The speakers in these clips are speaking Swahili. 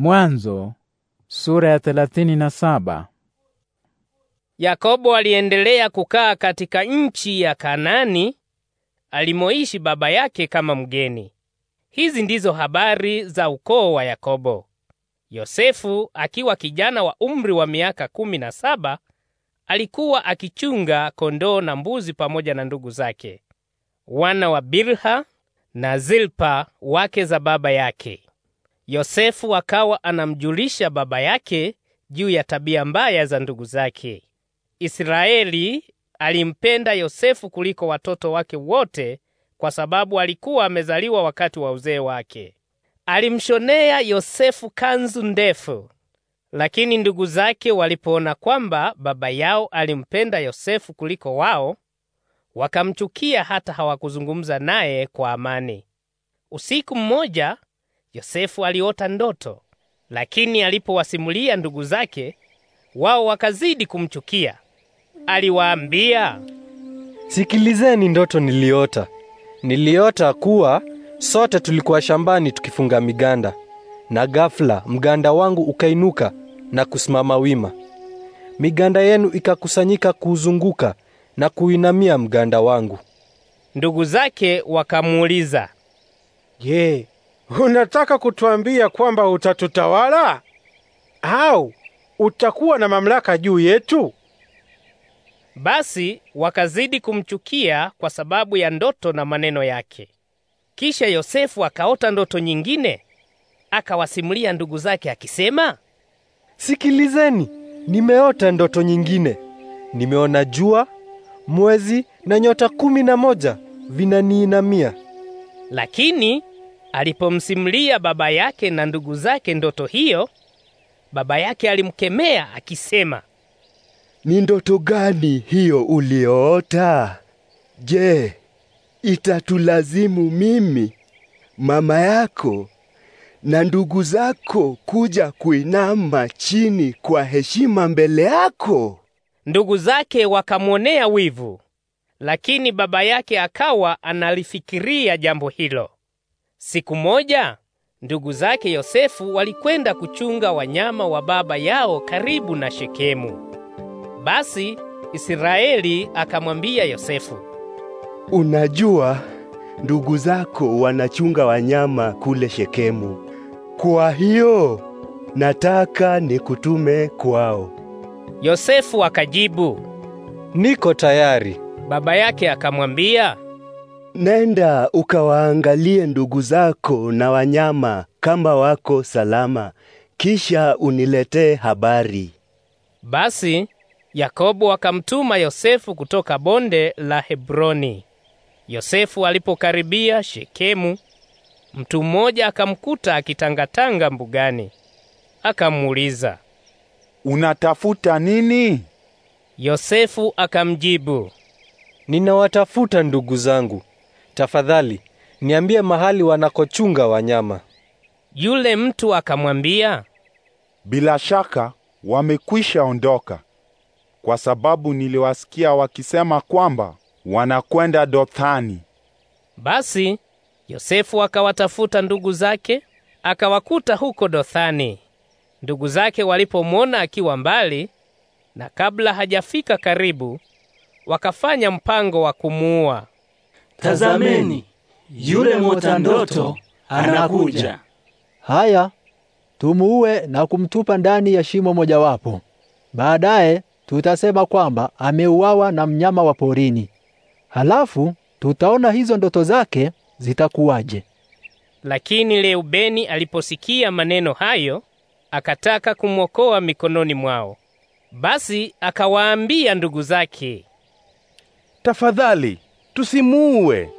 Mwanzo sura ya thelathini na saba. Yakobo aliendelea kukaa katika nchi ya Kanani alimoishi baba yake kama mgeni. Hizi ndizo habari za ukoo wa Yakobo. Yosefu akiwa kijana wa umri wa miaka kumi na saba alikuwa akichunga kondoo na mbuzi pamoja na ndugu zake, wana wa Bilha na Zilpa wake za baba yake. Yosefu akawa anamjulisha baba yake juu ya tabia mbaya za ndugu zake. Israeli alimpenda Yosefu kuliko watoto wake wote kwa sababu alikuwa amezaliwa wakati wa uzee wake. Alimshonea Yosefu kanzu ndefu. Lakini ndugu zake walipoona kwamba baba yao alimpenda Yosefu kuliko wao, wakamchukia hata hawakuzungumza naye kwa amani. Usiku mmoja Yosefu aliota ndoto, lakini alipowasimulia ndugu zake, wao wakazidi kumchukia. Aliwaambia, sikilizeni ndoto niliota. Niliota kuwa sote tulikuwa shambani tukifunga miganda, na ghafla mganda wangu ukainuka na kusimama wima. Miganda yenu ikakusanyika kuuzunguka na kuinamia mganda wangu. Ndugu zake wakamuuliza, Je, Unataka kutuambia kwamba utatutawala au utakuwa na mamlaka juu yetu? Basi wakazidi kumchukia kwa sababu ya ndoto na maneno yake. Kisha Yosefu akaota ndoto nyingine, akawasimulia ndugu zake akisema, Sikilizeni, nimeota ndoto nyingine. Nimeona jua, mwezi na nyota kumi na moja vinaniinamia. Lakini Alipomsimulia baba yake na ndugu zake ndoto hiyo, baba yake alimkemea akisema, ni ndoto gani hiyo uliyoota? Je, itatulazimu mimi mama yako na ndugu zako kuja kuinama chini kwa heshima mbele yako? Ndugu zake wakamwonea wivu, lakini baba yake akawa analifikiria jambo hilo. Siku moja ndugu zake Yosefu walikwenda kuchunga wanyama wa baba yao karibu na Shekemu. Basi Israeli akamwambia Yosefu, unajua ndugu zako wanachunga wanyama kule Shekemu, kwa hiyo nataka nikutume kwao. Yosefu akajibu, niko tayari. Baba yake akamwambia Nenda ukawaangalie ndugu zako na wanyama kama wako salama, kisha uniletee habari. Basi Yakobo akamtuma Yosefu kutoka bonde la Hebroni. Yosefu alipokaribia Shekemu, mtu mmoja akamkuta akitangatanga mbugani. Akamuuliza, unatafuta nini? Yosefu akamjibu, ninawatafuta ndugu zangu Tafadhali niambie mahali wanakochunga wanyama. Yule mtu akamwambia, bila shaka wamekwisha ondoka, kwa sababu niliwasikia wakisema kwamba wanakwenda Dothani. Basi Yosefu akawatafuta ndugu zake, akawakuta huko Dothani. Ndugu zake walipomwona akiwa mbali, na kabla hajafika karibu, wakafanya mpango wa kumuua tazameni, yule mota ndoto anakuja. Haya, tumuue na kumtupa ndani ya shimo mojawapo. Baadaye tutasema kwamba ameuawa na mnyama wa porini. Halafu tutaona hizo ndoto zake zitakuwaje. Lakini Leubeni aliposikia maneno hayo, akataka kumwokoa mikononi mwao. Basi akawaambia ndugu zake, tafadhali tusimuue.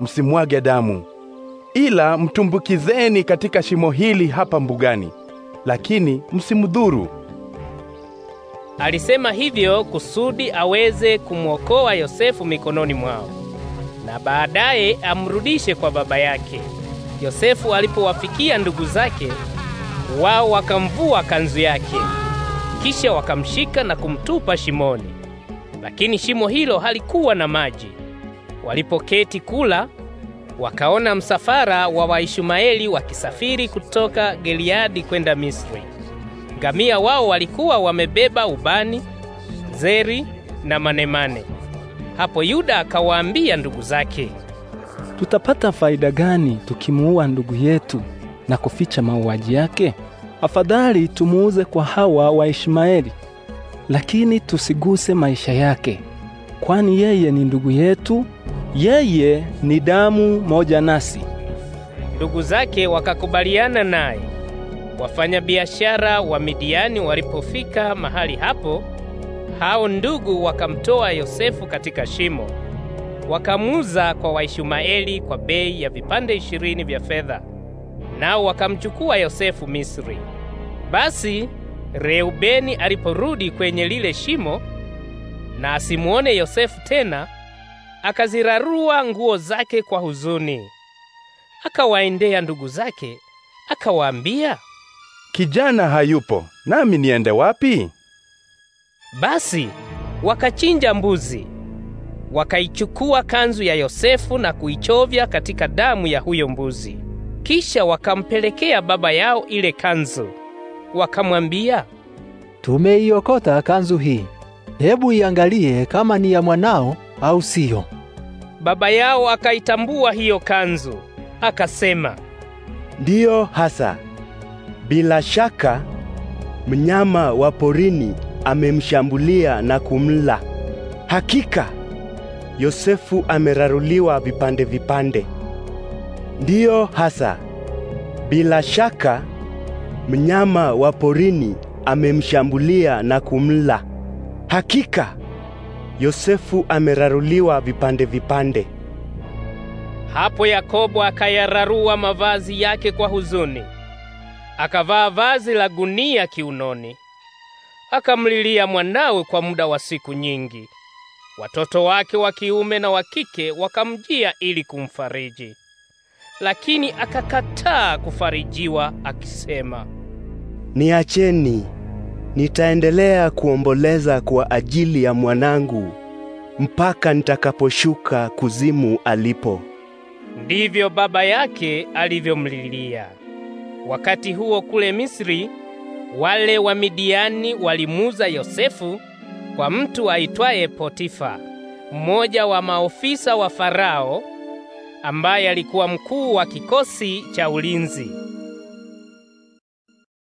Msimwage damu, ila mtumbukizeni katika shimo hili hapa mbugani, lakini msimdhuru. Alisema hivyo kusudi aweze kumwokoa Yosefu mikononi mwao na baadaye amrudishe kwa baba yake. Yosefu alipowafikia ndugu zake, wao wakamvua kanzu yake, kisha wakamshika na kumtupa shimoni, lakini shimo hilo halikuwa na maji. Walipoketi kula, wakaona msafara wa Waishumaeli wakisafiri kutoka Giliadi kwenda Misri. Ngamia wao walikuwa wamebeba ubani, zeri na manemane. Hapo Yuda akawaambia ndugu zake, tutapata faida gani tukimuua ndugu yetu na kuficha mauaji yake? Afadhali tumuuze kwa hawa Waishmaeli, lakini tusiguse maisha yake, kwani yeye ni ndugu yetu yeye ni damu moja nasi. Ndugu zake wakakubaliana naye. Wafanyabiashara wa Midiani walipofika mahali hapo, hao ndugu wakamtoa Yosefu katika shimo, wakamuuza kwa Waishumaeli kwa bei ya vipande ishirini vya fedha, nao wakamchukua Yosefu Misri. Basi Reubeni aliporudi kwenye lile shimo na asimuone Yosefu tena akazirarua nguo zake kwa huzuni. Akawaendea ndugu zake akawaambia, kijana hayupo, nami niende wapi? Basi wakachinja mbuzi, wakaichukua kanzu ya Yosefu na kuichovya katika damu ya huyo mbuzi. Kisha wakampelekea baba yao ile kanzu, wakamwambia, tumeiokota kanzu hii, hebu iangalie kama ni ya mwanao au siyo? Baba yao akaitambua hiyo kanzu, akasema, ndiyo hasa, bila shaka mnyama wa porini amemshambulia na kumla. Hakika Yosefu ameraruliwa vipande vipande. Ndiyo hasa, bila shaka mnyama wa porini amemshambulia na kumla. Hakika Yosefu ameraruliwa vipande vipande. Hapo Yakobo akayararua mavazi yake kwa huzuni, akavaa vazi la gunia kiunoni, akamlilia mwanawe kwa muda wa siku nyingi. Watoto wake wa kiume na wa kike wakamjia ili kumfariji, lakini akakataa kufarijiwa akisema, niacheni Nitaendelea kuomboleza kwa ajili ya mwanangu mpaka nitakaposhuka kuzimu alipo. Ndivyo baba yake alivyomlilia. Wakati huo kule Misri, wale wa Midiani walimuuza Yosefu kwa mtu aitwaye Potifa, mmoja wa maofisa wa Farao ambaye alikuwa mkuu wa kikosi cha ulinzi.